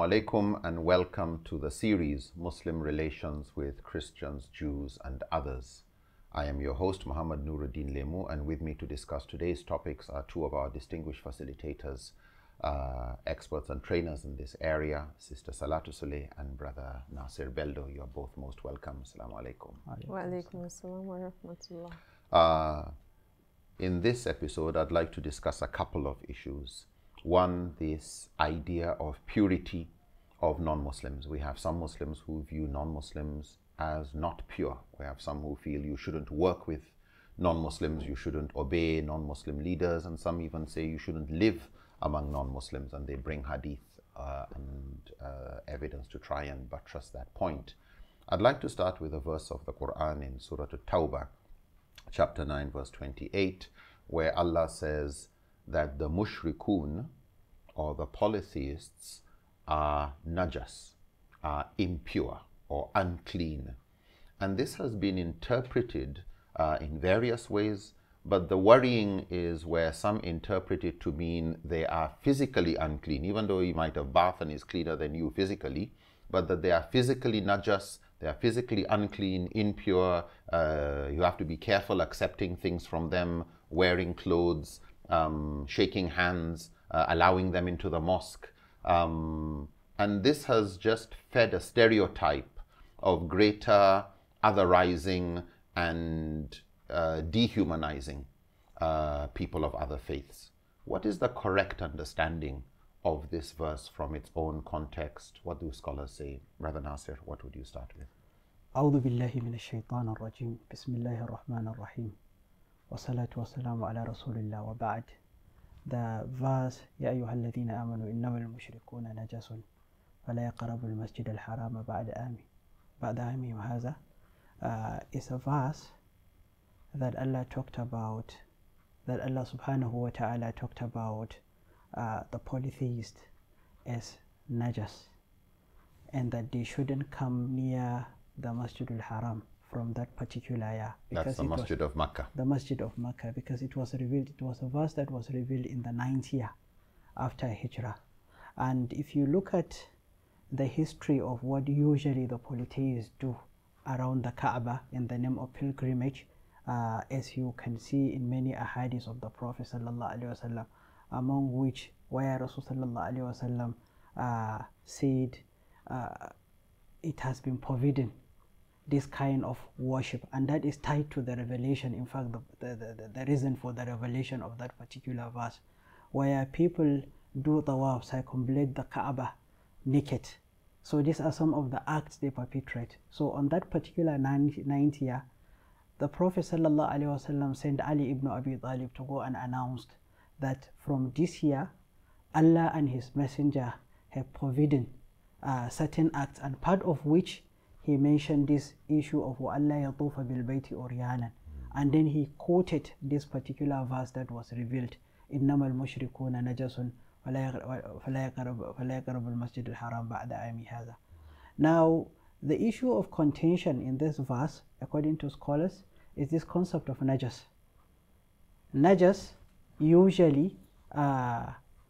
Assalamu alaikum and welcome to the series Muslim Relations with Christians, Jews and Others. I am your host Muhammad Nuruddin Lemu and with me to discuss today's topics are two of our distinguished facilitators, uh, experts and trainers in this area, Sister Salatu Saleh and Brother Nasir Beldo. You are both most welcome. Assalamu alaikum. Wa alaikum assalam wa rahmatullah. Uh, in this episode, I'd like to discuss a couple of issues one, this idea of purity of non Muslims. We have some Muslims who view non Muslims as not pure. We have some who feel you shouldn't work with non Muslims, you shouldn't obey non Muslim leaders, and some even say you shouldn't live among non Muslims, and they bring hadith uh, and uh, evidence to try and buttress that point. I'd like to start with a verse of the Quran in Surah At-Tawbah, chapter 9, verse 28, where Allah says that the mushrikun, or the polytheists, are najas, are impure or unclean. And this has been interpreted uh, in various ways, but the worrying is where some interpret it to mean they are physically unclean, even though you might have bathed and is cleaner than you physically, but that they are physically najas, they are physically unclean, impure, uh, you have to be careful accepting things from them, wearing clothes, um, shaking hands, uh, allowing them into the mosque. Um, and this has just fed a stereotype of greater otherizing and uh, dehumanizing uh, people of other faiths. What is the correct understanding of this verse from its own context? What do scholars say? Brother Nasir, what would you start with? أعوذ بالله من الشيطان الرجيم بسم الله الرحمن الرحيم والصلاة والسلام على رسول الله وبعد ذا فاس يا أيها الذين آمنوا إنما المشركون نجس فلا يقربوا المسجد الحرام بعد آمي بعد آمهم هذا uh, is a verse that Allah talked about that Allah subhanahu wa ta'ala talked about uh, the polytheist as najas and that they shouldn't come near the masjid al-haram from that particular year, That's the Masjid of Makkah. The Masjid of Makkah, because it was revealed, it was a verse that was revealed in the ninth year after Hijrah. And if you look at the history of what usually the polytheists do around the Kaaba in the name of pilgrimage, uh, as you can see in many ahadith of the Prophet wasallam, among which where Rasulullah wasallam uh, said, uh, "It has been forbidden this kind of worship and that is tied to the revelation in fact the, the, the, the reason for the revelation of that particular verse where people do the tawaf circumambulate the kaaba naked so these are some of the acts they perpetrate so on that particular 90 year the prophet ﷺ sent ali ibn abi talib to go and announced that from this year allah and his messenger have provided uh, certain acts and part of which he mentioned this issue of وَأَلَّا bil بِالْبَيْتِ أُرْيَانًا and then he quoted this particular verse that was revealed in Namal نجس فلا يقرب al يقرب المسجد الحرام بعد عام now the issue of contention in this verse according to scholars is this concept of najas najas usually uh,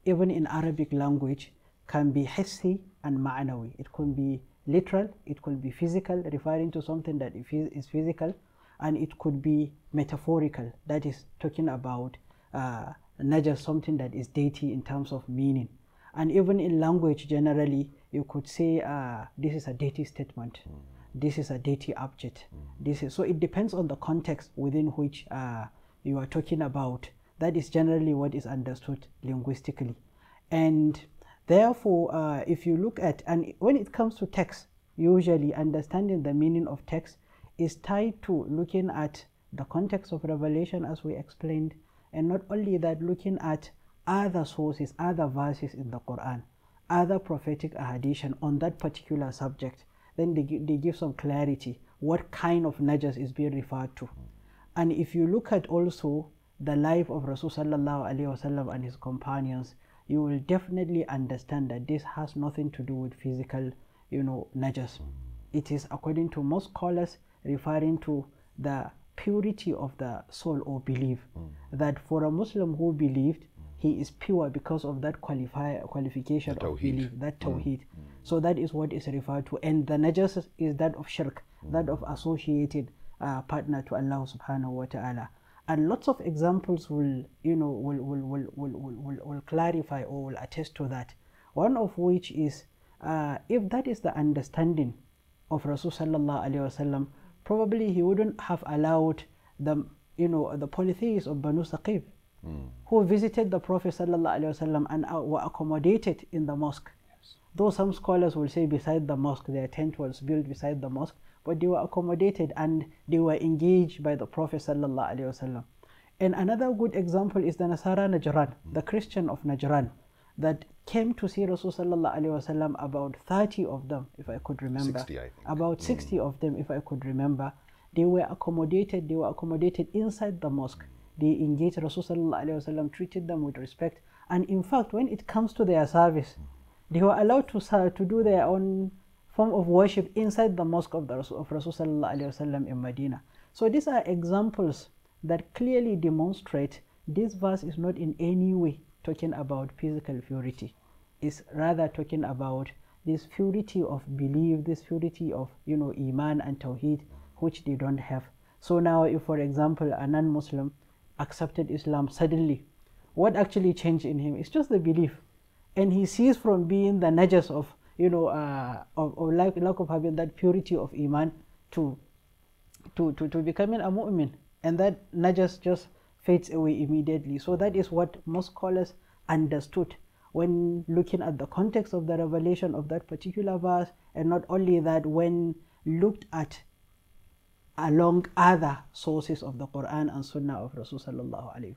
even in Arabic language can be hissi and ma'nawi it can be literal, it could be physical, referring to something that is physical, and it could be metaphorical, that is talking about uh, not just something that is deity in terms of meaning. And even in language generally, you could say uh, this is a deity statement, mm. this is a deity object, mm. this is so it depends on the context within which uh, you are talking about. That is generally what is understood linguistically, and therefore, uh, if you look at and when it comes to text, usually understanding the meaning of text is tied to looking at the context of revelation as we explained and not only that looking at other sources other verses in the quran other prophetic addition on that particular subject then they, they give some clarity what kind of najas is being referred to and if you look at also the life of rasul sallallahu alaihi wasallam and his companions you will definitely understand that this has nothing to do with physical you know, najas. It is according to most scholars referring to the purity of the soul or belief. Mm. That for a Muslim who believed, he is pure because of that qualification of tawheed. belief, that hmm. tawheed. Mm. So that is what is referred to. And the najas is that of shirk, mm. that of associated uh, partner to Allah subhanahu wa ta'ala. And lots of examples will, you know, will, will, will, will, will, will clarify or will attest to that. One of which is uh, if that is the understanding of Rasulullah probably he wouldn't have allowed the you know the polytheists of Banu Saqib mm. who visited the Prophet وسلم, and uh, were accommodated in the mosque. Though some scholars will say beside the mosque, their tent was built beside the mosque, but they were accommodated and they were engaged by the Prophet. وسلم. And another good example is the Nasara Najran, mm. the Christian of Najran, that came to see Rasulullah about 30 of them, if I could remember. 60, I think. About mm. 60 of them, if I could remember. They were accommodated, they were accommodated inside the mosque. Mm. They engaged Rasulullah, treated them with respect. And in fact, when it comes to their service, mm. they were allowed to, serve, to do their own form of worship inside the mosque of, the, of Rasulullah in Medina. So these are examples that clearly demonstrate this verse is not in any way talking about physical purity is rather talking about this purity of belief, this purity of you know iman and tawheed, which they don't have. So now, if for example a non-Muslim accepted Islam suddenly, what actually changed in him is just the belief, and he sees from being the najas of you know uh, of, of lack, lack of having that purity of iman to to to, to becoming a mu'min, and that najas just fades away immediately. So that is what most scholars understood when looking at the context of the revelation of that particular verse, and not only that, when looked at along other sources of the Quran and Sunnah of Rasulullah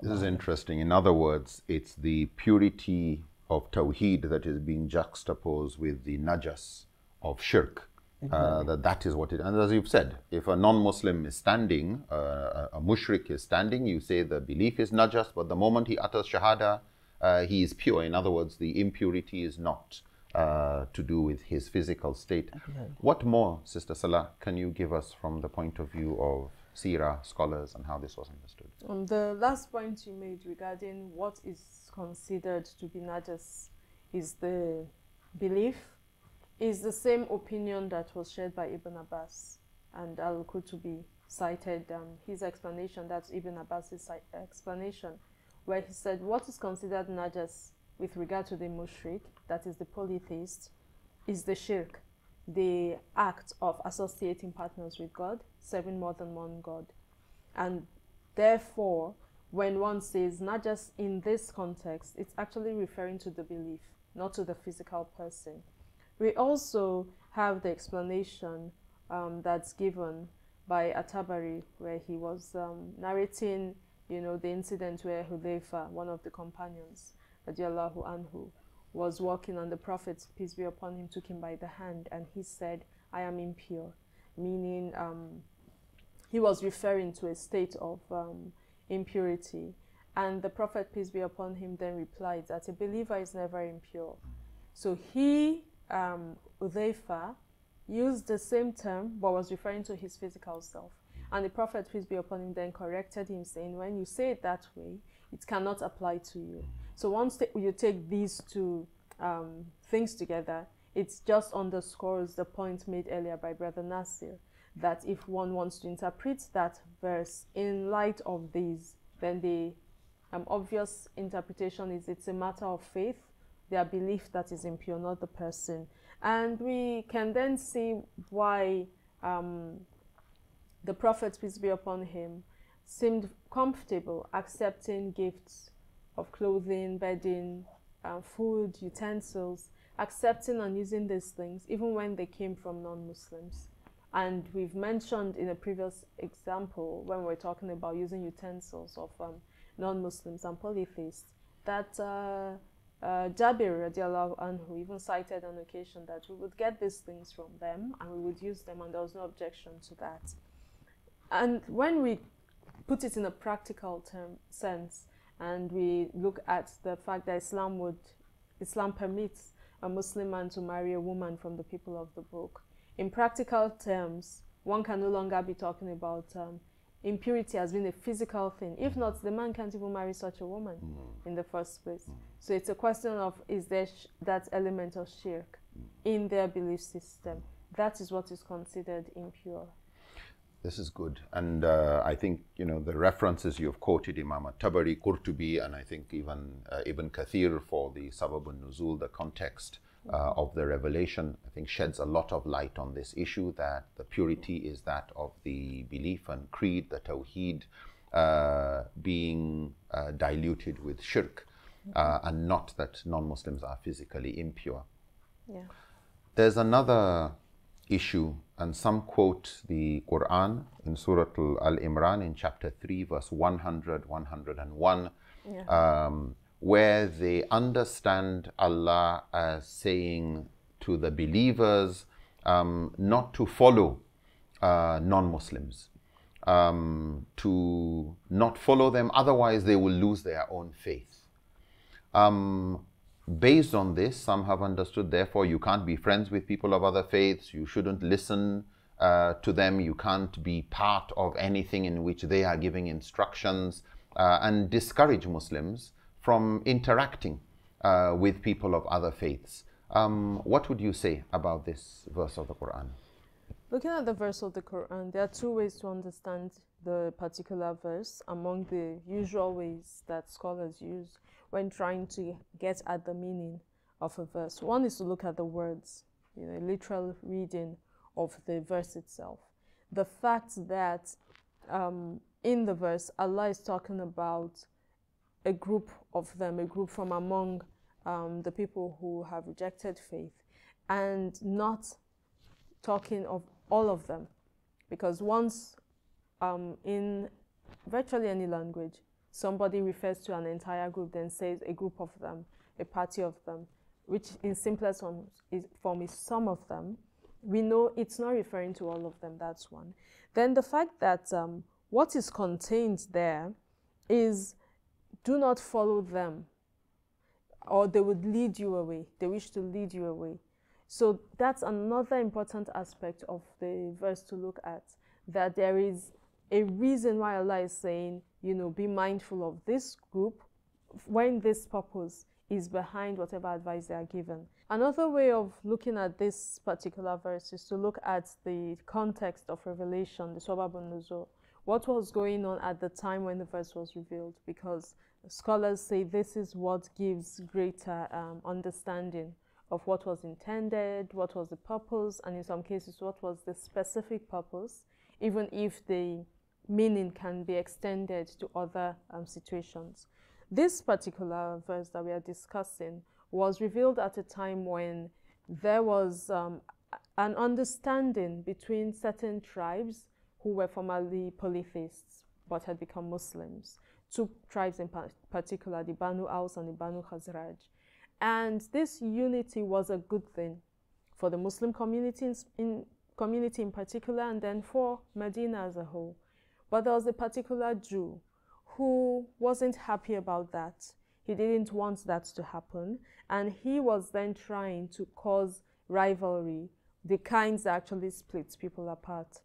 This is interesting. In other words, it's the purity of Tawheed that is being juxtaposed with the najas of shirk. Uh, that that is what it and as you've said if a non-muslim is standing uh, a mushrik is standing you say the belief is najas but the moment he utters shahada uh, he is pure. In other words, the impurity is not uh, to do with his physical state. What more, Sister Salah, can you give us from the point of view of sira scholars and how this was understood? Um, the last point you made regarding what is considered to be najas is the belief, is the same opinion that was shared by Ibn Abbas and Al Qutubi cited um, his explanation, that's Ibn Abbas's explanation where he said what is considered najas with regard to the mushrik, that is the polytheist, is the shirk, the act of associating partners with God, serving more than one God. And therefore, when one says najas in this context, it's actually referring to the belief, not to the physical person. We also have the explanation um, that's given by Atabari, where he was um, narrating you know, the incident where Hudayfa, one of the companions, radiallahu anhu, was walking and the Prophet, peace be upon him, took him by the hand and he said, I am impure, meaning um, he was referring to a state of um, impurity. And the Prophet, peace be upon him, then replied that a believer is never impure. So he, um, used the same term but was referring to his physical self. And the Prophet, peace be upon him, then corrected him, saying, When you say it that way, it cannot apply to you. So once you take these two um, things together, it just underscores the point made earlier by Brother Nasir that if one wants to interpret that verse in light of these, then the um, obvious interpretation is it's a matter of faith, their belief that is impure, not the person. And we can then see why um, the Prophet, peace be upon him, seemed comfortable accepting gifts of clothing, bedding, um, food, utensils, accepting and using these things, even when they came from non Muslims. And we've mentioned in a previous example, when we we're talking about using utensils of um, non Muslims and polytheists, that uh, uh, Jabir radiallahu anhu even cited on occasion that we would get these things from them and we would use them, and there was no objection to that and when we put it in a practical term sense and we look at the fact that Islam would Islam permits a Muslim man to marry a woman from the people of the book. In practical terms, one can no longer be talking about um, impurity as being a physical thing. If not, the man can't even marry such a woman mm. in the first place. Mm. So it's a question of is there that element of shirk mm. in their belief system? That is what is considered impure. This is good. And uh, I think, you know, the references you've quoted, Imam Tabari, Qurtubi, and I think even uh, Ibn Kathir for the Sababun Nuzul, the context uh, of the revelation, I think sheds a lot of light on this issue that the purity is that of the belief and creed, the Tawheed, uh, being uh, diluted with shirk, uh, and not that non Muslims are physically impure. Yeah. There's another issue. And some quote the Quran in Surah Al Imran in chapter 3, verse 100, 101, yeah. um, where they understand Allah as saying to the believers um, not to follow uh, non Muslims. Um, to not follow them, otherwise they will lose their own faith. Um, based on this, some have understood, therefore, you can't be friends with people of other faiths, you shouldn't listen uh, to them, you can't be part of anything in which they are giving instructions, uh, and discourage Muslims from interacting uh, with people of other faiths. Um, what would you say about this verse of the Quran? Looking at the verse of the Quran, there are two ways to understand the particular verse among the usual ways that scholars use when trying to get at the meaning of a verse. One is to look at the words, you know, literal reading of the verse itself. The fact that um, in the verse, Allah is talking about a group of them, a group from among um, the people who have rejected faith, and not talking of all of them. Because once um, in virtually any language, somebody refers to an entire group, then says a group of them, a party of them, which in simplest form is, form is some of them. We know it's not referring to all of them, that's one. Then the fact that um, what is contained there is do not follow them or they would lead you away. They wish to lead you away. So that's another important aspect of the verse to look at that there is a reason why Allah is saying, you know, be mindful of this group when this purpose is behind whatever advice they are given. Another way of looking at this particular verse is to look at the context of revelation, the Sobabun Nuzul. What was going on at the time when the verse was revealed? Because scholars say this is what gives greater um, understanding of what was intended, what was the purpose, and in some cases, what was the specific purpose, even if the meaning can be extended to other um, situations. This particular verse that we are discussing was revealed at a time when there was um, an understanding between certain tribes who were formerly polytheists but had become Muslims. Two tribes in par particular, the Banu Aus and the Banu Khazraj. And this unity was a good thing for the Muslim community in, in, community in particular and then for Medina as a whole. But there was a particular Jew who wasn't happy about that. He didn't want that to happen. And he was then trying to cause rivalry, the kinds that actually split people apart.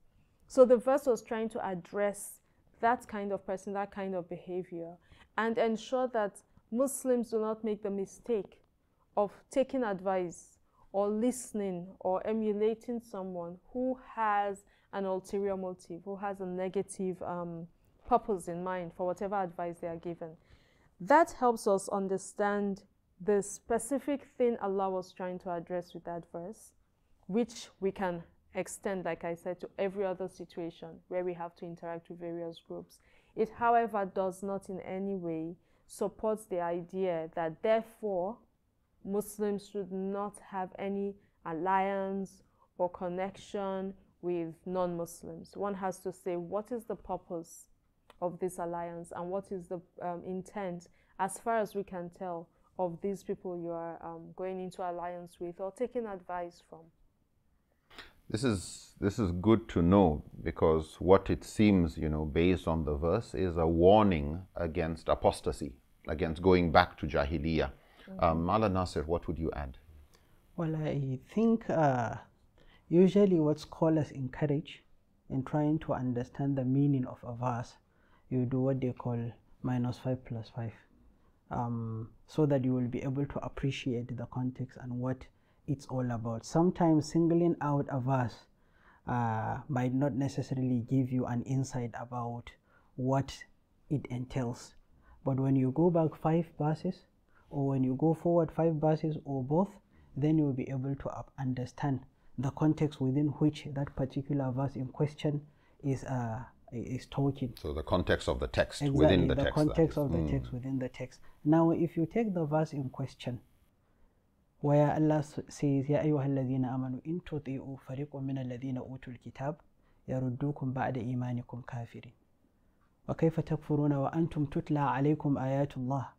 So the verse was trying to address that kind of person, that kind of behavior, and ensure that Muslims do not make the mistake of taking advice or listening or emulating someone who has an ulterior motive, who has a negative um, purpose in mind for whatever advice they are given. That helps us understand the specific thing Allah was trying to address with that verse, which we can extend, like I said, to every other situation where we have to interact with various groups. It, however, does not in any way supports the idea that therefore Muslims should not have any alliance or connection with non Muslims. One has to say, what is the purpose of this alliance and what is the um, intent, as far as we can tell, of these people you are um, going into alliance with or taking advice from? This is, this is good to know because what it seems, you know, based on the verse is a warning against apostasy, against going back to Jahiliyyah. Mm-hmm. Um, Mala Nasir, what would you add? Well, I think uh, usually what scholars encourage in trying to understand the meaning of a verse, you do what they call minus 5 plus 5, um, so that you will be able to appreciate the context and what it's all about. Sometimes singling out a verse uh, might not necessarily give you an insight about what it entails. But when you go back five verses, or when you go forward five verses, or both, then you'll be able to understand the context within which that particular verse in question is uh, is talking. So the context of the text exactly, within the, the text. Context the context of the mm. text within the text. Now, if you take the verse in question, waya Allah sai ya ayyuha allazina amanu in tuti'u fariqan min allazina utul kitab ba'a da imanikum kafirin wa kaifa takfuruna wa antum tutla alaykum ayatullah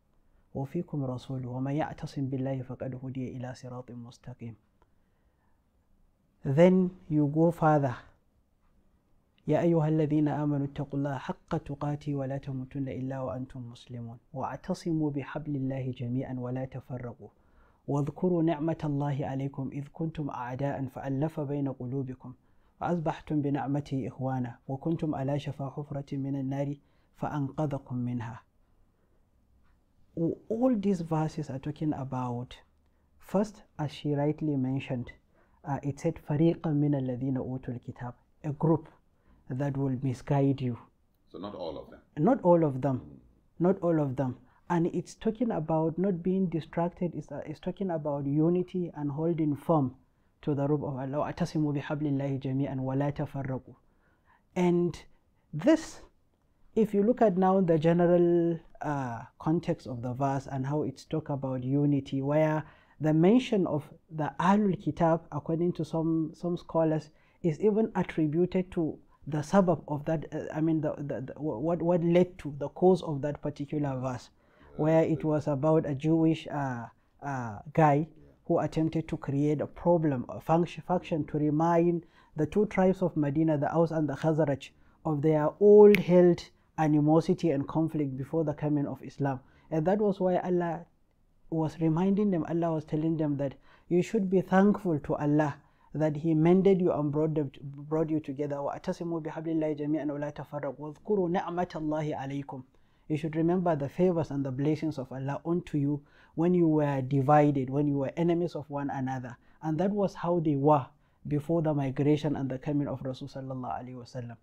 wa fikum rasul wa man ya'tasim billahi faqad hudiya ila siratin mustaqim then you go ta يا أيها tuƙati wala ta الله حق تقاته ولا تموتن إلا وأنتم مسلمون واعتصموا بحبل الله جميعا ولا تفرقوا واذكروا نعمة الله عليكم إذ كنتم أعداء فألف بين قلوبكم فأصبحتم بنعمته إخوانا وكنتم على شفا حفرة من النار فأنقذكم منها All these verses are talking about first as she rightly mentioned uh, it said فريقا من الذين أوتوا الكتاب a group that will misguide you So not all of them. Not all of them. Not all of them. and it's talking about not being distracted it's, uh, it's talking about unity and holding firm to the rope of Allah atasimu and this if you look at now the general uh, context of the verse and how it's talk about unity where the mention of the Ahlul Kitab according to some some scholars is even attributed to the suburb of that uh, I mean the, the, the, what what led to the cause of that particular verse where it was about a Jewish uh, uh, guy who attempted to create a problem, a faction to remind the two tribes of Medina, the Aus and the Khazraj, of their old held animosity and conflict before the coming of Islam. And that was why Allah was reminding them, Allah was telling them that you should be thankful to Allah that he mended you and brought, them, brought you together. You should remember the favors and the blessings of Allah unto you when you were divided, when you were enemies of one another. And that was how they were before the migration and the coming of Rasulullah.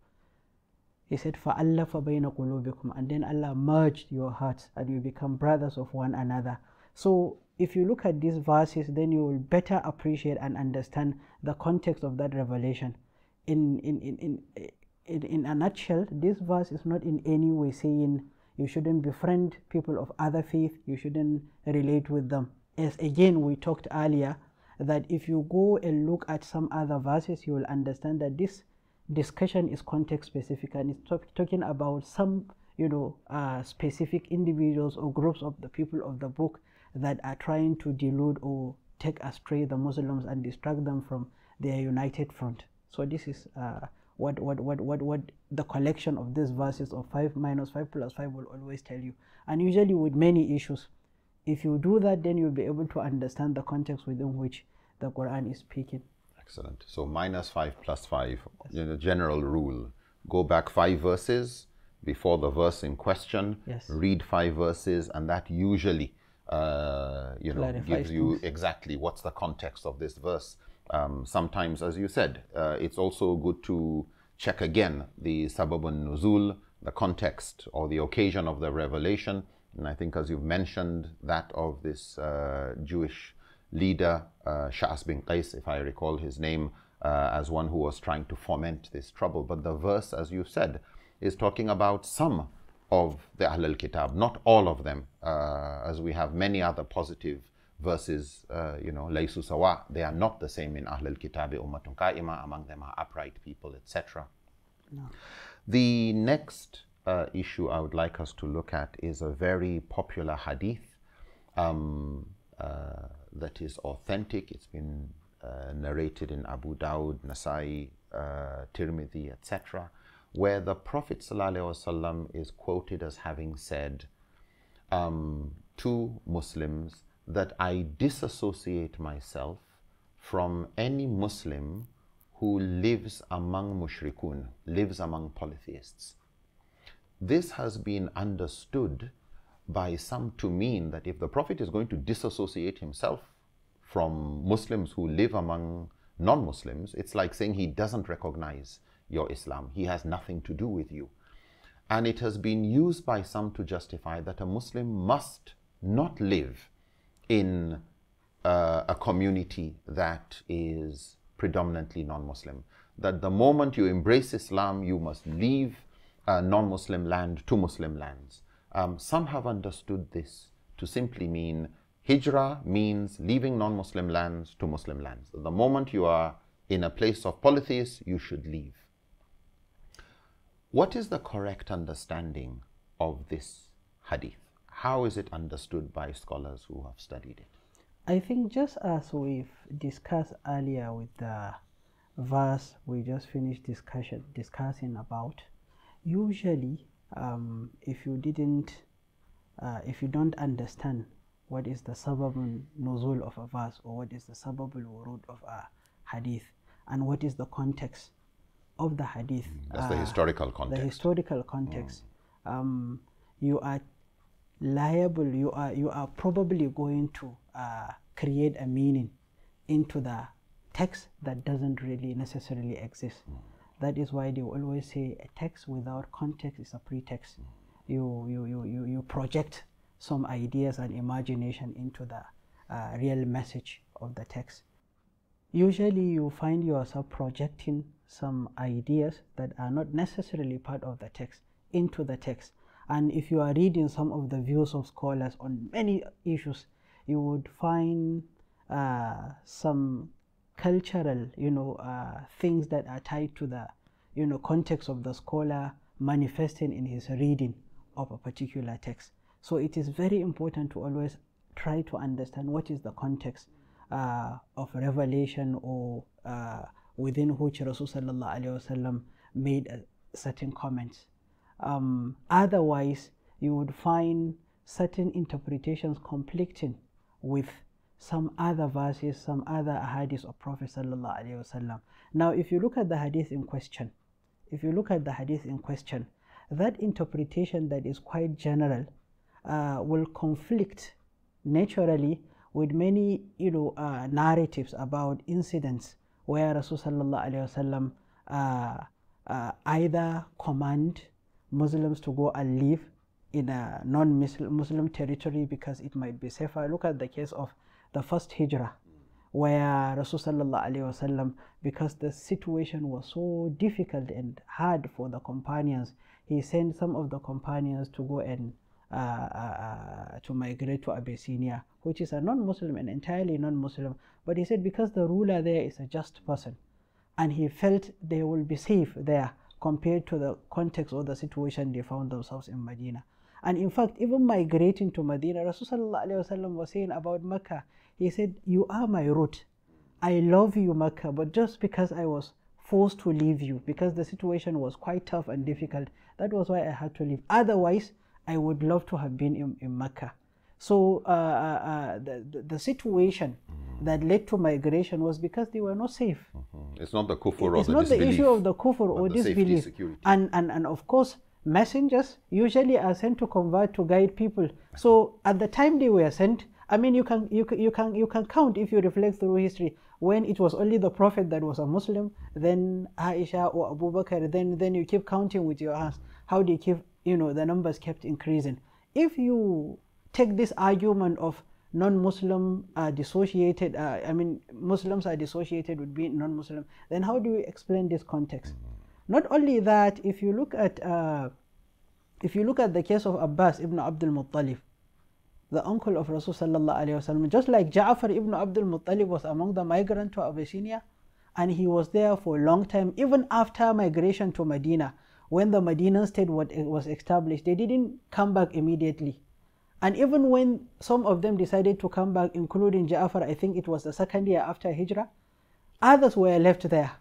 He said, فَأَلَّفَ بَيْنَ قُلُوبِكُمْ And then Allah merged your hearts and you become brothers of one another. So if you look at these verses, then you will better appreciate and understand the context of that revelation. In in in in in, in a nutshell, this verse is not in any way saying you shouldn't befriend people of other faith, you shouldn't relate with them. As again, we talked earlier that if you go and look at some other verses, you will understand that this discussion is context specific and it's talk, talking about some, you know, uh, specific individuals or groups of the people of the book that are trying to delude or take astray the Muslims and distract them from their united front. So this is. Uh, what what what what what the collection of these verses of 5 minus 5 plus 5 will always tell you and usually with many issues if you do that then you'll be able to understand the context within which the quran is speaking excellent so minus 5 plus 5 yes. in a general rule go back five verses before the verse in question yes. read five verses and that usually uh, you know Clarifies gives you things. exactly what's the context of this verse um, sometimes, as you said, uh, it's also good to check again the suburban nuzul, the context or the occasion of the revelation. And I think, as you've mentioned, that of this uh, Jewish leader, uh, bin Qais, if I recall his name, uh, as one who was trying to foment this trouble. But the verse, as you said, is talking about some of the Ahl al Kitab, not all of them, uh, as we have many other positive versus, uh, you know, laysu sawa. They are not the same in Ahl al Kitabi ummatun qa'ima. Among them are upright people, etc. No. The next uh, issue I would like us to look at is a very popular hadith um, uh, that is authentic. It's been uh, narrated in Abu Dawud, Nasai, uh, Tirmidhi, etc., where the Prophet ﷺ is quoted as having said, um, two Muslims that I disassociate myself from any Muslim who lives among mushrikun, lives among polytheists. This has been understood by some to mean that if the Prophet is going to disassociate himself from Muslims who live among non Muslims, it's like saying he doesn't recognize your Islam, he has nothing to do with you. And it has been used by some to justify that a Muslim must not live in uh, a community that is predominantly non-Muslim. That the moment you embrace Islam, you must leave uh, non-Muslim land to Muslim lands. Um, some have understood this to simply mean hijrah means leaving non-Muslim lands to Muslim lands. The moment you are in a place of polytheists, you should leave. What is the correct understanding of this hadith? how is it understood by scholars who have studied it? I think just as we've discussed earlier with the verse we just finished discussion discussing about, usually um, if you didn't, uh, if you don't understand what is the sababun nuzul of a verse or what is the sababul wurud of a hadith and what is the context of the hadith. Mm, that's uh, the historical context. The historical context. Mm. Um, you are liable you are you are probably going to uh, create a meaning into the text that doesn't really necessarily exist mm. that is why they always say a text without context is a pretext mm. you, you you you you project some ideas and imagination into the uh, real message of the text usually you find yourself projecting some ideas that are not necessarily part of the text into the text and if you are reading some of the views of scholars on many issues, you would find uh, some cultural, you know, uh, things that are tied to the, you know, context of the scholar manifesting in his reading of a particular text. So it is very important to always try to understand what is the context uh, of revelation or uh, within which Rasulullah made a uh, certain comments. Um, otherwise, you would find certain interpretations conflicting with some other verses, some other hadiths of Prophet wasallam. Now, if you look at the hadith in question, if you look at the hadith in question, that interpretation that is quite general uh, will conflict naturally with many, you know, uh, narratives about incidents where Rasulullah uh, uh, either command Muslims to go and live in a non-Muslim territory because it might be safer. Look at the case of the first hijrah where Rasulullah because the situation was so difficult and hard for the companions, he sent some of the companions to go and uh, uh, uh to migrate to Abyssinia, which is a non-Muslim and entirely non-Muslim. But he said because the ruler there is a just person, and he felt they will be safe there compared to the context or the situation they found themselves in Medina. And in fact, even migrating to Medina, Rasulullah was saying about Mecca, he said, You are my root. I love you, Mecca, but just because I was forced to leave you, because the situation was quite tough and difficult, that was why I had to leave. Otherwise, I would love to have been in, in Mecca. So uh, uh, uh, the, the situation mm. that led to migration was because they were not safe. Mm-hmm. It's not the kufr it's or not the issue of the kufr or disbelief. Safety, and, and, and of course, messengers usually are sent to convert to guide people. So at the time they were sent, I mean, you can, you, you, can, you can count if you reflect through history when it was only the Prophet that was a Muslim, then Aisha or Abu Bakr, then, then you keep counting with your hands. How do you keep, you know, the numbers kept increasing. If you take this argument of non-Muslim are dissociated, uh, I mean, Muslims are dissociated with being non-Muslim, then how do you explain this context? Not only that, if you look at, uh, if you look at the case of Abbas ibn Abdul Muttalib, the uncle of Rasul just like Ja'far ibn Abdul Muttalib was among the migrants to Abyssinia, and he was there for a long time, even after migration to Medina, when the Medina state was established, they didn't come back immediately and even when some of them decided to come back, including Ja'far, I think it was the second year after Hijrah, others were left there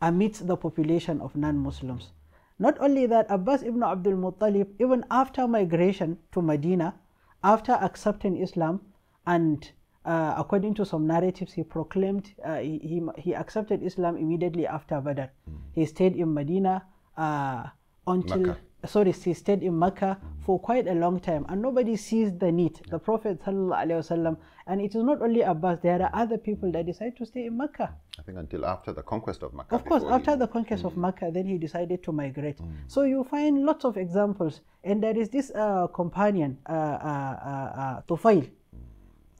amidst the population of non Muslims. Not only that, Abbas ibn Abdul Muttalib, even after migration to Medina, after accepting Islam, and uh, according to some narratives, he proclaimed uh, he, he, accepted Islam immediately after Badr. Mm. He stayed in Medina uh, until Mecca sorry, she stayed in Mecca for quite a long time and nobody sees the need. The Prophet wasallam, and it is not only Abbas, there are other people that decide to stay in Mecca. I think until after the conquest of Mecca. Of course, after he... the conquest mm. of Mecca, then he decided to migrate. Mm. So you find lots of examples. And there is this uh, companion, uh, uh, uh, uh Tufail.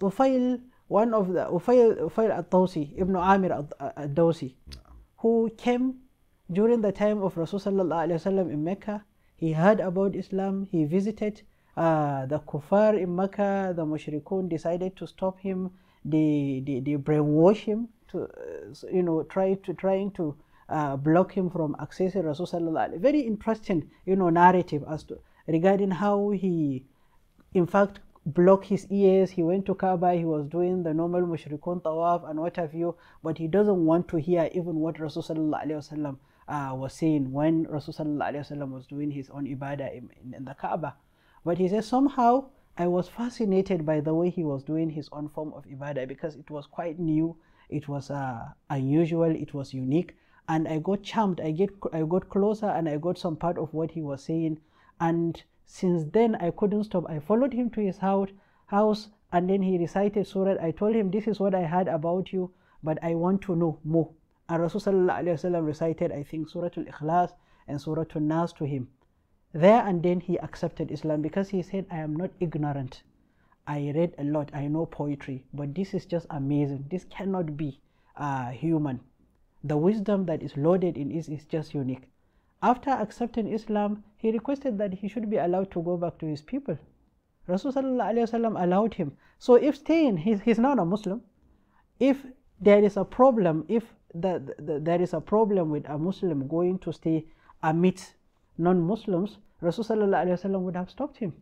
Tufail, one of the, Ufail, Ufail al-Tawsi, Ibn Amir uh, al-Dawsi, who came during the time of Rasulullah in Mecca he heard about Islam, he visited uh, the kuffar in Mecca, the mushrikun decided to stop him, they, they, they brainwash him to, uh, you know, try to, trying to uh, block him from accessing Rasulullah. Very interesting, you know, narrative as to regarding how he, in fact, blocked his ears. He went to Kaaba, he was doing the normal mushrikun tawaf and what have you, but he doesn't want to hear even what Rasulullah uh, was saying when Rasulullah was doing his own ibadah in, in the Kaaba. But he says, somehow I was fascinated by the way he was doing his own form of ibadah because it was quite new, it was uh, unusual, it was unique. And I got charmed, I, get, I got closer and I got some part of what he was saying. And since then, I couldn't stop. I followed him to his house, house and then he recited Surah. I told him, This is what I heard about you, but I want to know more. And Rasulullah recited, I think, Surah Al Ikhlas and Surah Al Nas to him. There and then he accepted Islam because he said, I am not ignorant. I read a lot, I know poetry, but this is just amazing. This cannot be uh, human. The wisdom that is loaded in it is just unique. After accepting Islam, he requested that he should be allowed to go back to his people. Rasulullah allowed him. So if staying, he's, he's not a Muslim. If there is a problem, if the, the, there is a problem with a Muslim going to stay amidst non-Muslims, Rasulullah would have stopped him.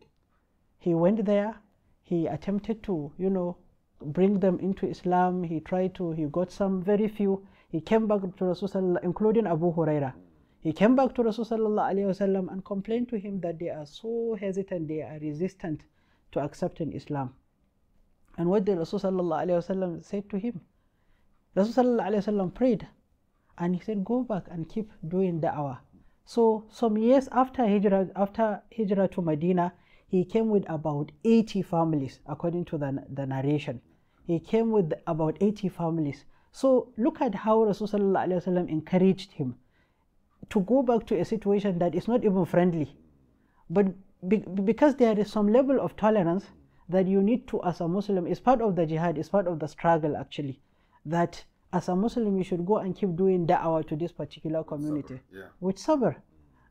He went there, he attempted to, you know, bring them into Islam. He tried to, he got some very few. He came back to Rasulullah, including Abu Huraira. He came back to Rasulullah and complained to him that they are so hesitant, they are resistant to accepting Islam. And what did Rasulullah said to him? Rasulullah prayed and he said, Go back and keep doing the hour." So, some years after Hijrah, after Hijrah to Medina, he came with about 80 families, according to the, the narration. He came with about 80 families. So, look at how Rasulullah encouraged him to go back to a situation that is not even friendly. But be, because there is some level of tolerance that you need to, as a Muslim, is part of the jihad, is part of the struggle actually that as a Muslim you should go and keep doing da'wah to this particular community sabr, yeah. with sabr.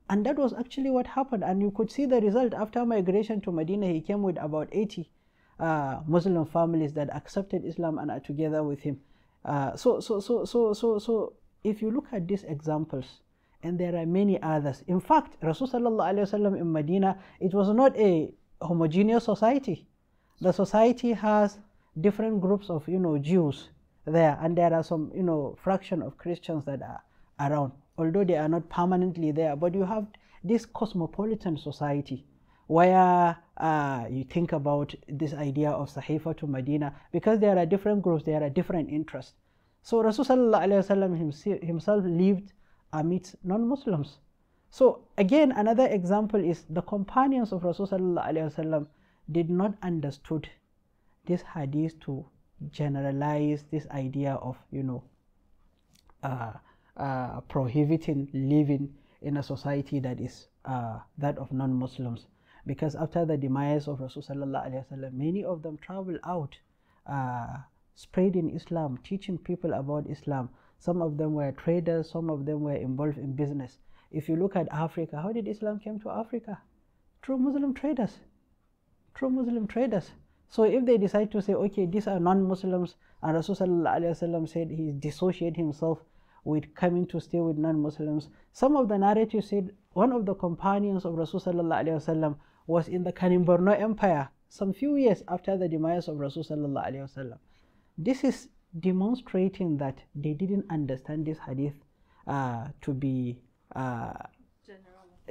And that was actually what happened. And you could see the result after migration to Medina, he came with about 80 uh, Muslim families that accepted Islam and are together with him. Uh, so, so, so, so, so, so, if you look at these examples, and there are many others. In fact, Rasulullah in Medina, it was not a homogeneous society. The society has different groups of you know Jews, there and there are some you know fraction of christians that are around although they are not permanently there but you have this cosmopolitan society where uh, you think about this idea of Sahifa to Medina because there are different groups, there are different interests. So Rasulullah himself lived amidst non-Muslims. So again, another example is the companions of Rasulullah did not understood this hadith to generalize this idea of you know uh, uh, prohibiting living in a society that is uh, that of non-Muslims because after the demise of Rasulullah many of them travel out uh, spreading Islam teaching people about Islam some of them were traders some of them were involved in business if you look at Africa how did Islam came to Africa through Muslim traders through Muslim traders so if they decide to say, okay, these are non-Muslims, and Rasulullah said he dissociated himself with coming to stay with non-Muslims. Some of the narrative said one of the companions of Rasulullah was in the Kalimborno Empire some few years after the demise of Rasulullah. This is demonstrating that they didn't understand this hadith uh, to be uh,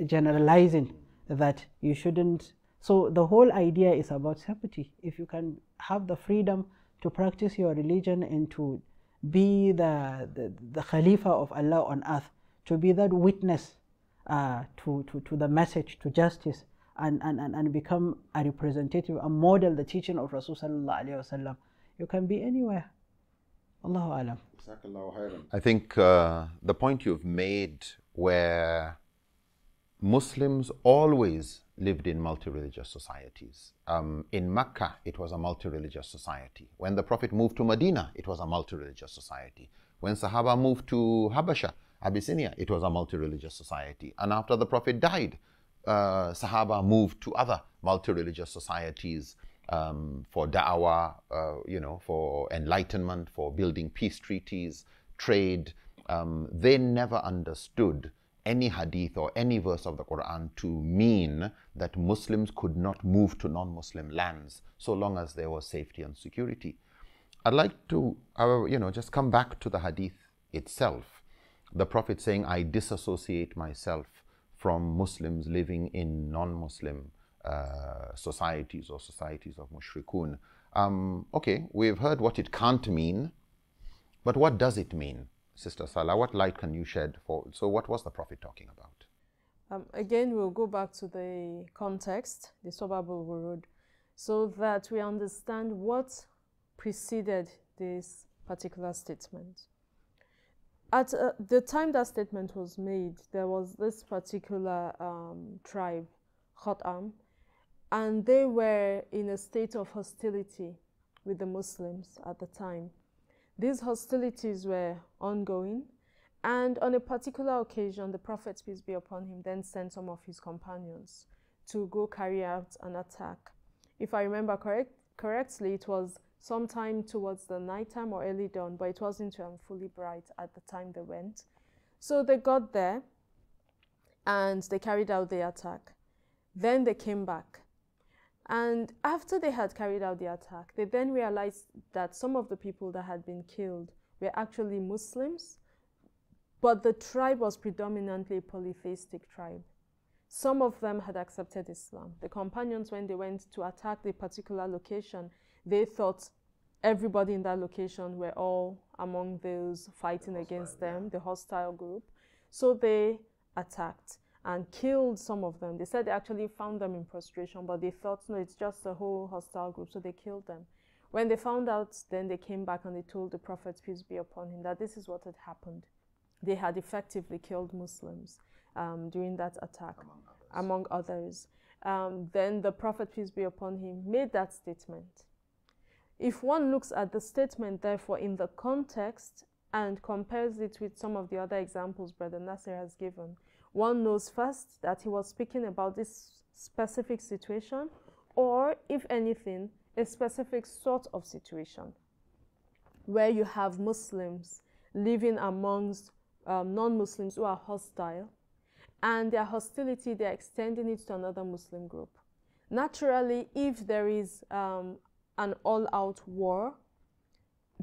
generalizing that you shouldn't so the whole idea is about safety. If you can have the freedom to practice your religion and to be the, the, the Khalifa of Allah on earth, to be that witness uh, to, to, to the message, to justice, and, and, and, and become a representative a model the teaching of Rasulullah you can be anywhere. Allahu Alam. I think uh, the point you've made where Muslims always lived in multi-religious societies. Um, in Mecca, it was a multi-religious society. When the Prophet moved to Medina, it was a multi-religious society. When Sahaba moved to Habasha, Abyssinia, it was a multi-religious society. And after the Prophet died, uh, Sahaba moved to other multi-religious societies um, for da'wah, uh, you know, for enlightenment, for building peace treaties, trade. Um, they never understood any hadith or any verse of the Quran to mean that Muslims could not move to non Muslim lands so long as there was safety and security. I'd like to, you know, just come back to the hadith itself. The Prophet saying, I disassociate myself from Muslims living in non Muslim uh, societies or societies of mushrikun. Um, okay, we've heard what it can't mean, but what does it mean, Sister Salah? What light can you shed for? So, what was the Prophet talking about? Um, again, we'll go back to the context, the suburban world, so that we understand what preceded this particular statement. At uh, the time that statement was made, there was this particular um, tribe, Khatam, and they were in a state of hostility with the Muslims at the time. These hostilities were ongoing and on a particular occasion, the Prophet, peace be upon him, then sent some of his companions to go carry out an attack. If I remember correct, correctly, it was sometime towards the nighttime or early dawn, but it wasn't um, fully bright at the time they went. So they got there and they carried out the attack. Then they came back. And after they had carried out the attack, they then realized that some of the people that had been killed were actually Muslims but the tribe was predominantly a polytheistic tribe. Some of them had accepted Islam. The companions, when they went to attack the particular location, they thought everybody in that location were all among those fighting the hostile, against them, yeah. the hostile group. So they attacked and killed some of them. They said they actually found them in prostration, but they thought, no, it's just a whole hostile group, so they killed them. When they found out, then they came back and they told the Prophet, peace be upon him, that this is what had happened they had effectively killed Muslims um, during that attack, among others. Among others. Um, then the Prophet, peace be upon him, made that statement. If one looks at the statement, therefore, in the context and compares it with some of the other examples Brother Nasser has given, one knows first that he was speaking about this specific situation, or if anything, a specific sort of situation where you have Muslims living amongst um, non-Muslims who are hostile. And their hostility, they're extending it to another Muslim group. Naturally, if there is um, an all-out war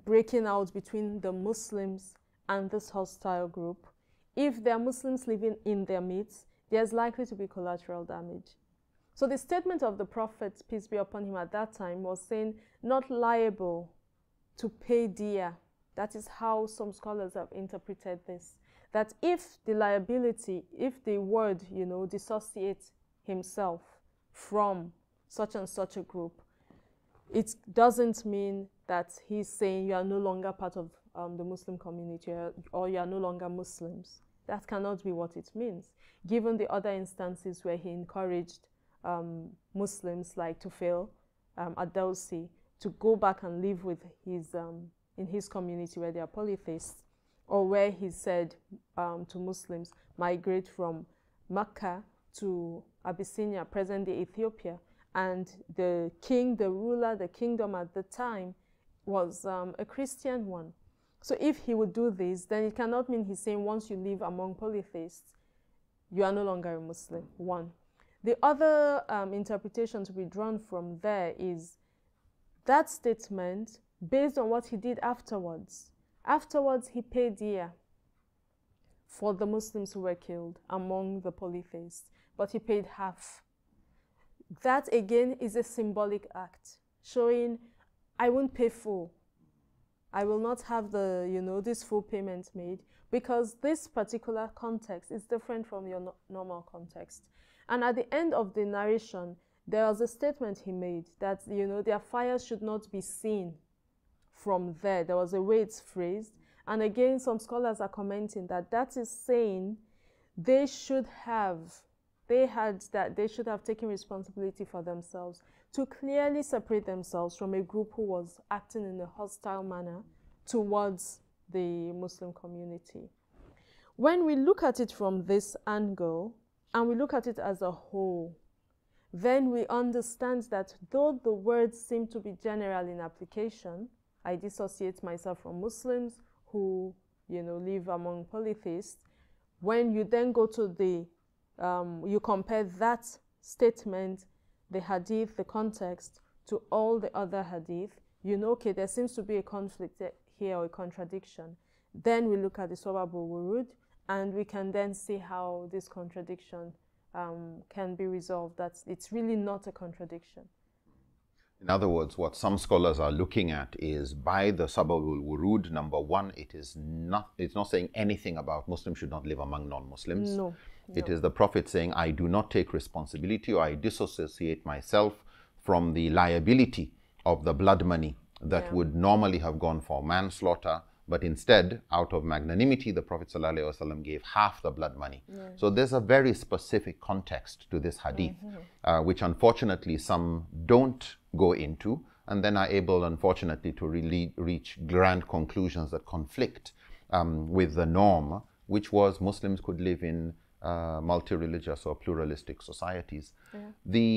breaking out between the Muslims and this hostile group, if there are Muslims living in their midst, there's likely to be collateral damage. So the statement of the Prophet, peace be upon him at that time, was saying, not liable to pay dear that is how some scholars have interpreted this. That if the liability, if the word, you know, dissociates himself from such and such a group, it doesn't mean that he's saying you are no longer part of um, the Muslim community or you are no longer Muslims. That cannot be what it means, given the other instances where he encouraged um, Muslims like to fail um, Adelsi to go back and live with his um, in his community where they are polytheists, or where he said um, to Muslims, migrate from Mecca to Abyssinia, present day Ethiopia. And the king, the ruler, the kingdom at the time was um, a Christian one. So if he would do this, then it cannot mean he's saying once you live among polytheists, you are no longer a Muslim. One. The other um, interpretation to be drawn from there is that statement based on what he did afterwards. Afterwards, he paid dear for the Muslims who were killed among the polytheists, but he paid half. That again is a symbolic act showing I won't pay full. I will not have the, you know, this full payment made because this particular context is different from your no normal context. And at the end of the narration, there was a statement he made that, you know, their fire should not be seen from there. There was a way it's phrased. And again, some scholars are commenting that that is saying they should have, they had that they should have taken responsibility for themselves to clearly separate themselves from a group who was acting in a hostile manner towards the Muslim community. When we look at it from this angle and we look at it as a whole, then we understand that though the words seem to be general in application, I dissociate myself from Muslims who, you know, live among polytheists. When you then go to the, um, you compare that statement, the hadith, the context, to all the other hadith, you know, okay, there seems to be a conflict here or a contradiction. Then we look at the Sobabul Wurud and we can then see how this contradiction um, can be resolved. That it's really not a contradiction. In other words, what some scholars are looking at is by the Sababul Wurud, number one, it is not, it's not saying anything about Muslims should not live among non Muslims. No, no. It is the Prophet saying, I do not take responsibility or I disassociate myself from the liability of the blood money that yeah. would normally have gone for manslaughter but instead, out of magnanimity, the Prophet ﷺ gave half the blood money. Yeah. So there's a very specific context to this hadith, mm -hmm. uh, which unfortunately some don't go into and then are able, unfortunately, to really reach grand conclusions that conflict um, with the norm, which was Muslims could live in uh, multi religious or pluralistic societies. Yeah. The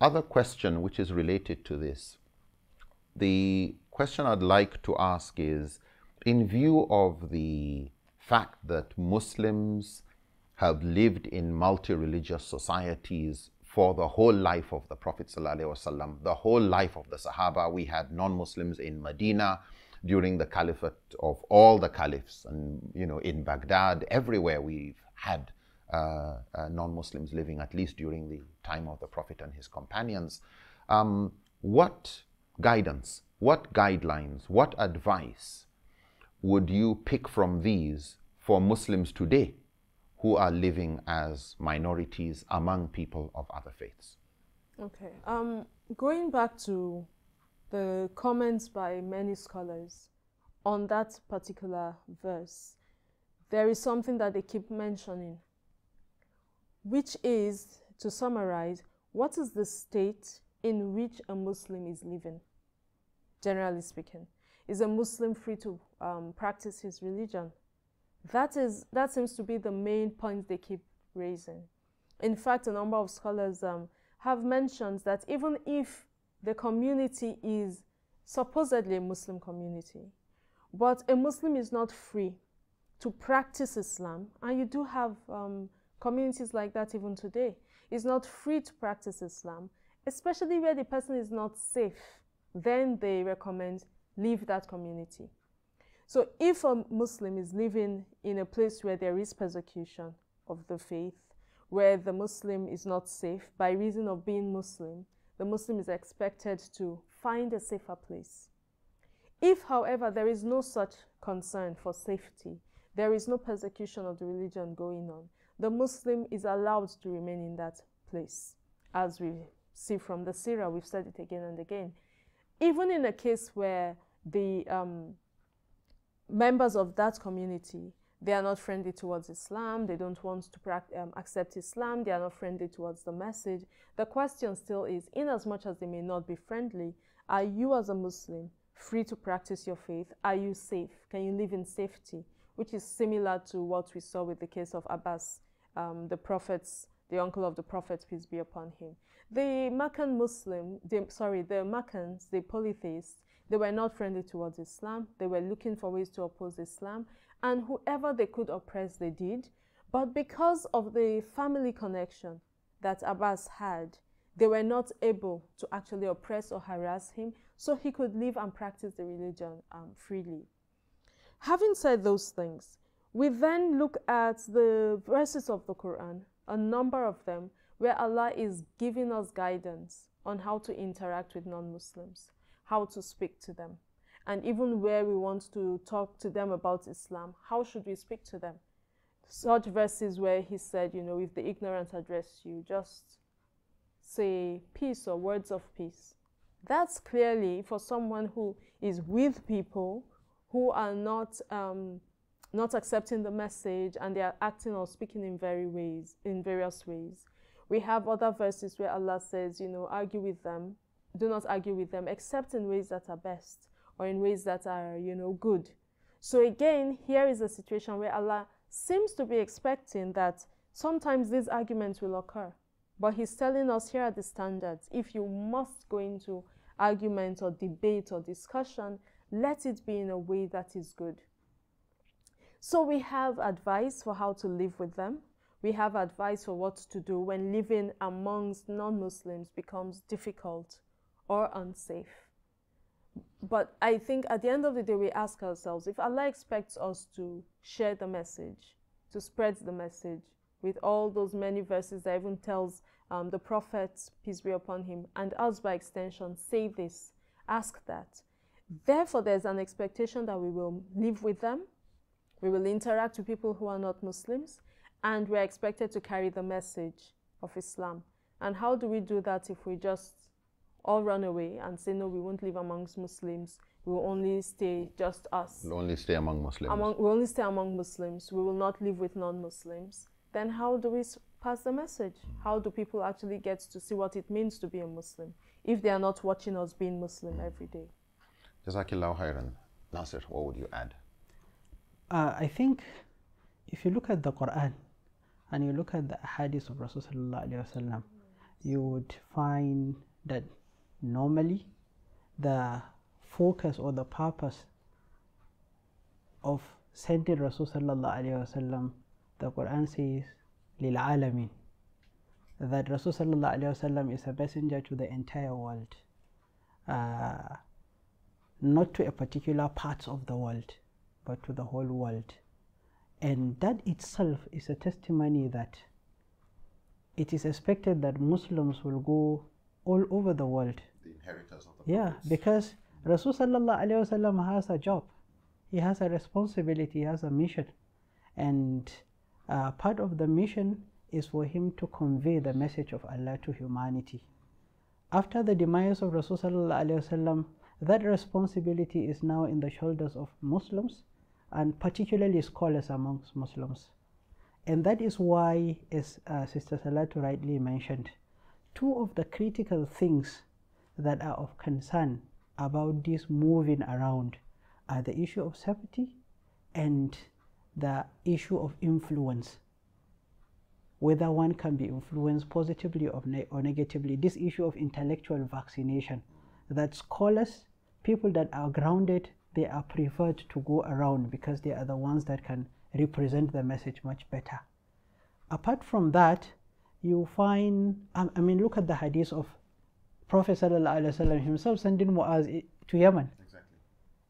other question, which is related to this, the question I'd like to ask is in view of the fact that Muslims have lived in multi-religious societies for the whole life of the Prophet ﷺ, the whole life of the Sahaba. We had non-Muslims in Medina during the caliphate of all the caliphs and, you know, in Baghdad, everywhere we've had uh, uh, non-Muslims living, at least during the time of the Prophet and his companions. Um, what guidance, what guidelines, what advice would you pick from these for Muslims today who are living as minorities among people of other faiths? Okay. Um, going back to the comments by many scholars on that particular verse, there is something that they keep mentioning, which is, to summarize, what is the state in which a Muslim is living, generally speaking? is a Muslim free to um, practice his religion? That, is, that seems to be the main point they keep raising. In fact, a number of scholars um, have mentioned that even if the community is supposedly a Muslim community, but a Muslim is not free to practice Islam, and you do have um, communities like that even today, is not free to practice Islam, especially where the person is not safe, then they recommend leave that community. So if a Muslim is living in a place where there is persecution of the faith, where the Muslim is not safe by reason of being Muslim, the Muslim is expected to find a safer place. If, however, there is no such concern for safety, there is no persecution of the religion going on, the Muslim is allowed to remain in that place. As we see from the Sirah, we've said it again and again. Even in a case where the um, members of that community they are not friendly towards Islam, they don't want to um, accept Islam, they are not friendly towards the message. The question still is in as much as they may not be friendly, are you as a Muslim free to practice your faith? Are you safe? Can you live in safety? Which is similar to what we saw with the case of Abbas, um, the prophet's, the uncle of the prophet, peace be upon him. The Meccan Muslim, the, sorry, the Meccans, the polytheists, they were not friendly towards Islam. They were looking for ways to oppose Islam. And whoever they could oppress, they did. But because of the family connection that Abbas had, they were not able to actually oppress or harass him, so he could live and practice the religion um, freely. Having said those things, we then look at the verses of the Quran, a number of them, where Allah is giving us guidance on how to interact with non Muslims how to speak to them. And even where we want to talk to them about Islam, how should we speak to them? Such verses where he said, you know, if the ignorant address you, just say peace or words of peace. That's clearly for someone who is with people who are not um, not accepting the message and they are acting or speaking in very ways in various ways. We have other verses where Allah says, you know, argue with them do not argue with them except in ways that are best or in ways that are, you know, good. So again, here is a situation where Allah seems to be expecting that sometimes these arguments will occur. But He's telling us here are the standards. If you must go into argument or debate or discussion, let it be in a way that is good. So we have advice for how to live with them. We have advice for what to do when living amongst non-Muslims becomes difficult or unsafe. But I think at the end of the day, we ask ourselves if Allah expects us to share the message, to spread the message with all those many verses that even tells um, the Prophet, peace be upon him, and us by extension, say this, ask that. Therefore, there's an expectation that we will live with them, we will interact with people who are not Muslims, and we're expected to carry the message of Islam. And how do we do that if we just all run away and say, no, we won't live amongst Muslims. We will only stay just us. We'll only stay among Muslims. Among, we'll only stay among Muslims. We will not live with non-Muslims. Then how do we pass the message? How do people actually get to see what it means to be a Muslim if they are not watching us being Muslim hmm. every day? Jazakillah khairan. Nasir, what would you add? Uh, I think if you look at the Quran and you look at the hadith of Rasulullah, you would find that normally the focus or the purpose of sending Rasul sallallahu wasallam the Quran says lil alamin that Rasul sallallahu wasallam is a messenger to the entire world uh, not to a particular part of the world but to the whole world and that itself is a testimony that it is expected that Muslims will go all over the world inheritors of the Yeah, prophets. because Rasulullah has a job, he has a responsibility, he has a mission. And uh, part of the mission is for him to convey the message of Allah to humanity. After the demise of Rasulullah, that responsibility is now in the shoulders of Muslims and particularly scholars amongst Muslims. And that is why, as uh, Sister Salatu rightly mentioned, two of the critical things that are of concern about this moving around are the issue of safety and the issue of influence. Whether one can be influenced positively or, ne or negatively, this issue of intellectual vaccination, that scholars, people that are grounded, they are preferred to go around because they are the ones that can represent the message much better. Apart from that, you find, I mean, look at the hadith of Prophet ﷺ himself sending Muaz to Yemen. Exactly.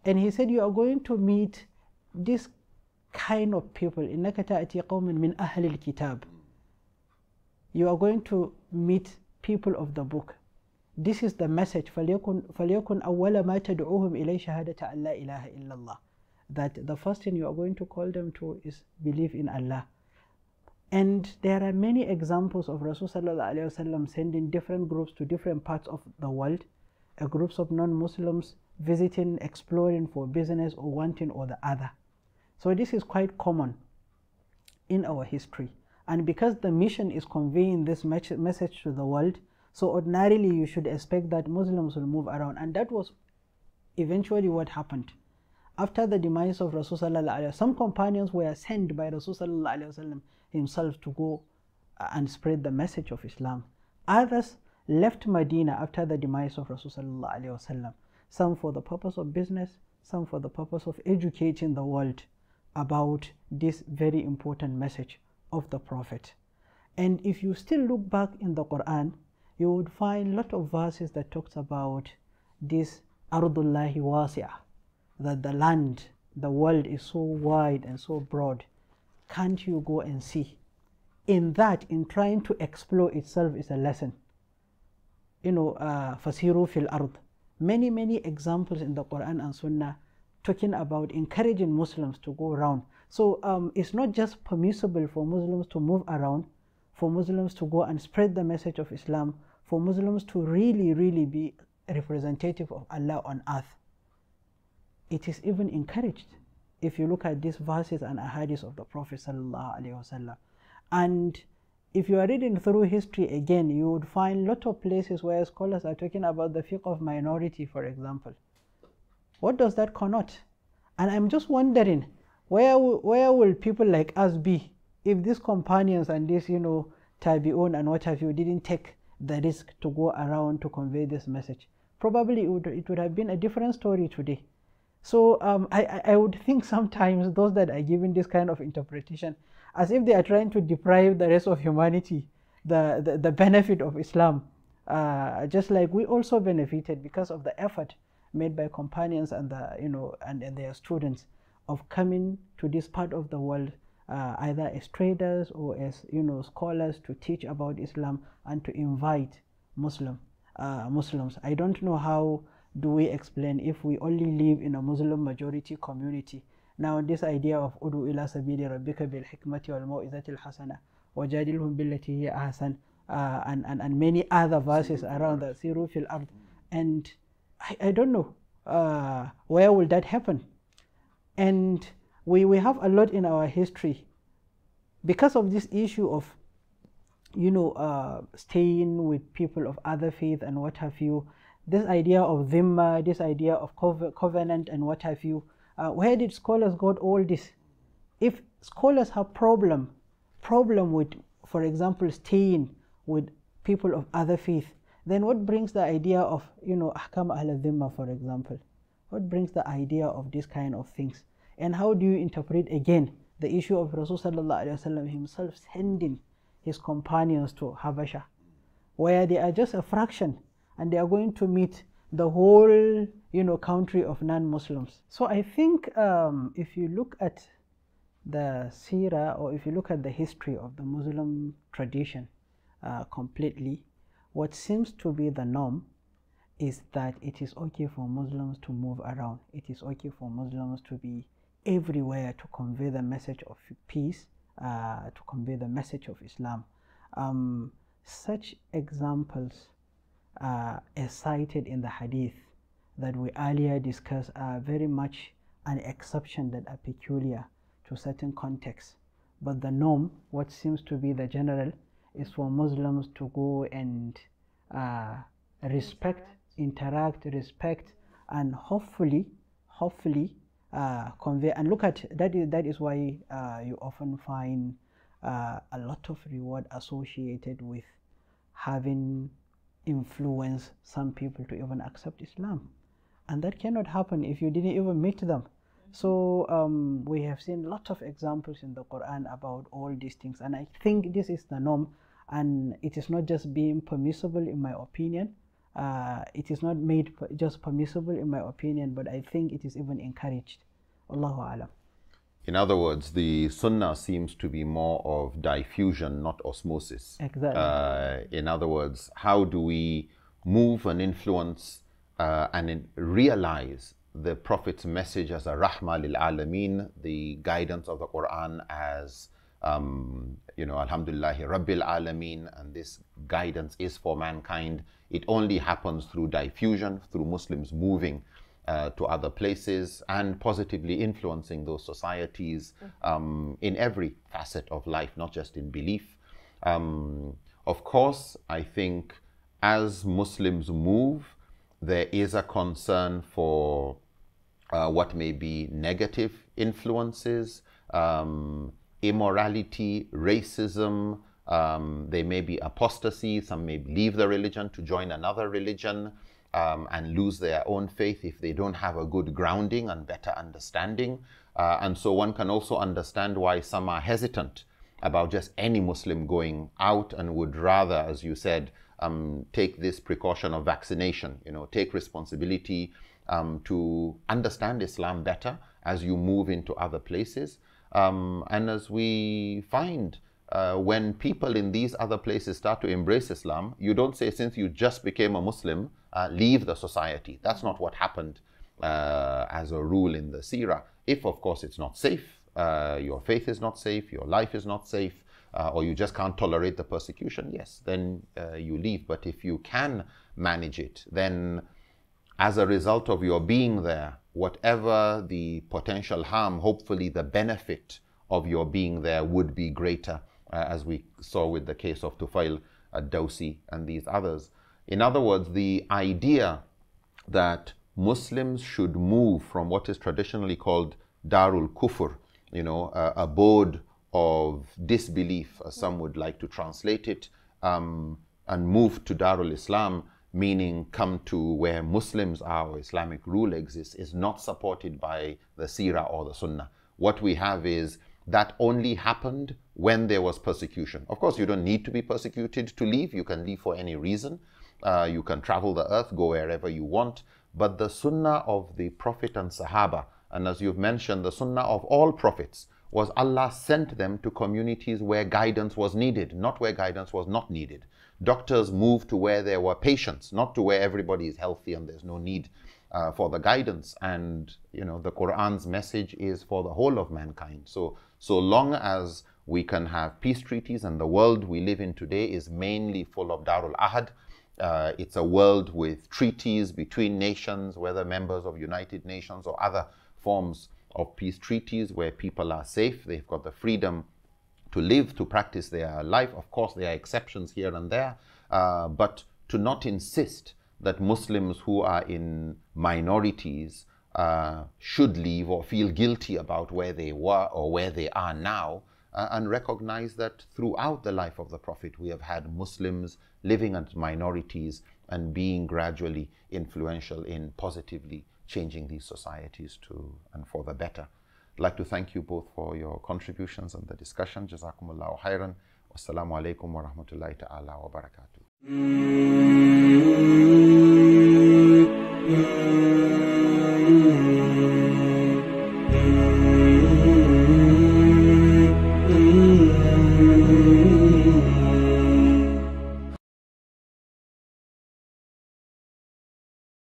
And he said, You are going to meet this kind of people. إِنَّكَ تَأْتِي قَوْمٍ مِّنْ أَهْلِ kitab. Hmm. You are going to meet people of the book. This is the message. فَلْيَكُنْ أَوَّلَ مَا تَدْعُوهُمْ إِلَيْهِ شَهَادَةَ أَنْ لَا إِلَهَ إِلَّا اللَّهِ That the first thing you are going to call them to is believe in Allah. And there are many examples of Rasulullah sending different groups to different parts of the world, uh, groups of non Muslims visiting, exploring for business or wanting or the other. So this is quite common in our history. And because the mission is conveying this message to the world, so ordinarily you should expect that Muslims will move around. And that was eventually what happened. After the demise of Rasulullah, some companions were sent by Rasulullah himself to go uh, and spread the message of Islam. Others left Medina after the demise of Rasulullah, some for the purpose of business, some for the purpose of educating the world about this very important message of the Prophet. And if you still look back in the Quran, you would find a lot of verses that talks about this Ardullahi Wasi'ah that the land, the world is so wide and so broad. Can't you go and see? In that, in trying to explore itself, is a lesson. You know, uh, fasiru fil ard. Many, many examples in the Quran and Sunnah talking about encouraging Muslims to go around. So um, it's not just permissible for Muslims to move around, for Muslims to go and spread the message of Islam, for Muslims to really, really be representative of Allah on earth. It is even encouraged if you look at these verses and ahadith of the Prophet wasallam. And if you are reading through history again, you would find lot of places where scholars are talking about the fiqh of minority, for example. What does that connote? And I'm just wondering, where, where will people like us be if these companions and this you know, tabi'un and what have you didn't take the risk to go around to convey this message? Probably it would, it would have been a different story today. So um, I, I would think sometimes those that are giving this kind of interpretation, as if they are trying to deprive the rest of humanity the, the, the benefit of Islam, uh, just like we also benefited because of the effort made by companions and the you know and, and their students of coming to this part of the world uh, either as traders or as you know scholars to teach about Islam and to invite Muslim uh, Muslims. I don't know how do we explain if we only live in a Muslim majority community? Now, this idea of Udu ila sabili rabbika bil hikmati wal hasana wajadilhum billati hiya ahsan uh, and, and, and many other verses around the Siru fil ard. And I, I don't know uh, where will that happen. And we, we have a lot in our history because of this issue of you know, uh, staying with people of other faith and what have you, this idea of Zimma, this idea of covenant and what have you, uh, where did scholars got all this? If scholars have problem, problem with, for example, staying with people of other faith, then what brings the idea of, you know, ahkam al zimma for example? What brings the idea of this kind of things? And how do you interpret again the issue of Rasulullah himself sending his companions to Habasha, where they are just a fraction and they are going to meet the whole you know country of non-muslims so i think um, if you look at the seerah or if you look at the history of the muslim tradition uh, completely what seems to be the norm is that it is okay for muslims to move around it is okay for muslims to be everywhere to convey the message of peace uh, to convey the message of islam um, such examples uh, as cited in the hadith that we earlier discussed are very much an exception that are peculiar to certain contexts. But the norm, what seems to be the general, is for Muslims to go and uh, respect, interact, respect, and hopefully, hopefully uh, convey. And look at that is that is why uh, you often find uh, a lot of reward associated with having influence some people to even accept Islam. And that cannot happen if you didn't even meet them. So um, we have seen lots of examples in the Quran about all these things, and I think this is the norm, and it is not just being permissible in my opinion. Uh, it is not made just permissible in my opinion, but I think it is even encouraged. Allahu alam. In other words, the sunnah seems to be more of diffusion, not osmosis. Exactly. Uh, in other words, how do we move and influence uh, and in realize the Prophet's message as a rahma lil alameen, the guidance of the Quran as, um, you know, alhamdulillahi rabbil alameen, and this guidance is for mankind. It only happens through diffusion, through Muslims moving uh, to other places and positively influencing those societies mm. um, in every facet of life, not just in belief. Um, of course, I think as Muslims move, there is a concern for uh, what may be negative influences, um, immorality, racism. Um, there may be apostasy, some may leave the religion to join another religion um, and lose their own faith if they don't have a good grounding and better understanding. Uh, and so one can also understand why some are hesitant about just any Muslim going out and would rather, as you said, um, take this precaution of vaccination, you know, take responsibility um, to understand Islam better as you move into other places. Um, and as we find, uh, when people in these other places start to embrace Islam, you don't say, since you just became a Muslim, uh, leave the society. That's not what happened uh, as a rule in the Sirah. If, of course, it's not safe, uh, your faith is not safe, your life is not safe, uh, or you just can't tolerate the persecution, yes, then uh, you leave. But if you can manage it, then as a result of your being there, whatever the potential harm, hopefully the benefit of your being there would be greater, uh, as we saw with the case of Tufail, uh, and these others. In other words, the idea that Muslims should move from what is traditionally called Darul Kufr, you know, uh, abode of disbelief, as some would like to translate it, um, and move to Darul Islam, meaning come to where Muslims are or Islamic rule exists, is not supported by the Sirah or the Sunnah. What we have is that only happened when there was persecution. Of course, you don't need to be persecuted to leave, you can leave for any reason. Uh, you can travel the earth, go wherever you want. But the sunnah of the Prophet and Sahaba, and as you've mentioned, the sunnah of all prophets, was Allah sent them to communities where guidance was needed, not where guidance was not needed. Doctors moved to where there were patients, not to where everybody is healthy and there's no need uh, for the guidance. And you know, the Quran's message is for the whole of mankind. So, so long as we can have peace treaties and the world we live in today is mainly full of Darul Ahad, uh, it's a world with treaties between nations, whether members of United Nations or other forms of peace treaties where people are safe. They've got the freedom to live, to practice their life. Of course, there are exceptions here and there, uh, but to not insist that Muslims who are in minorities uh, should leave or feel guilty about where they were or where they are now uh, and recognize that throughout the life of the Prophet, we have had Muslims living as minorities and being gradually influential in positively changing these societies to and for the better. I'd like to thank you both for your contributions and the discussion. Jazakumullahu khairan. Wassalamu alaikum wa rahmatullahi ta'ala wa barakatuh. Mm-hmm.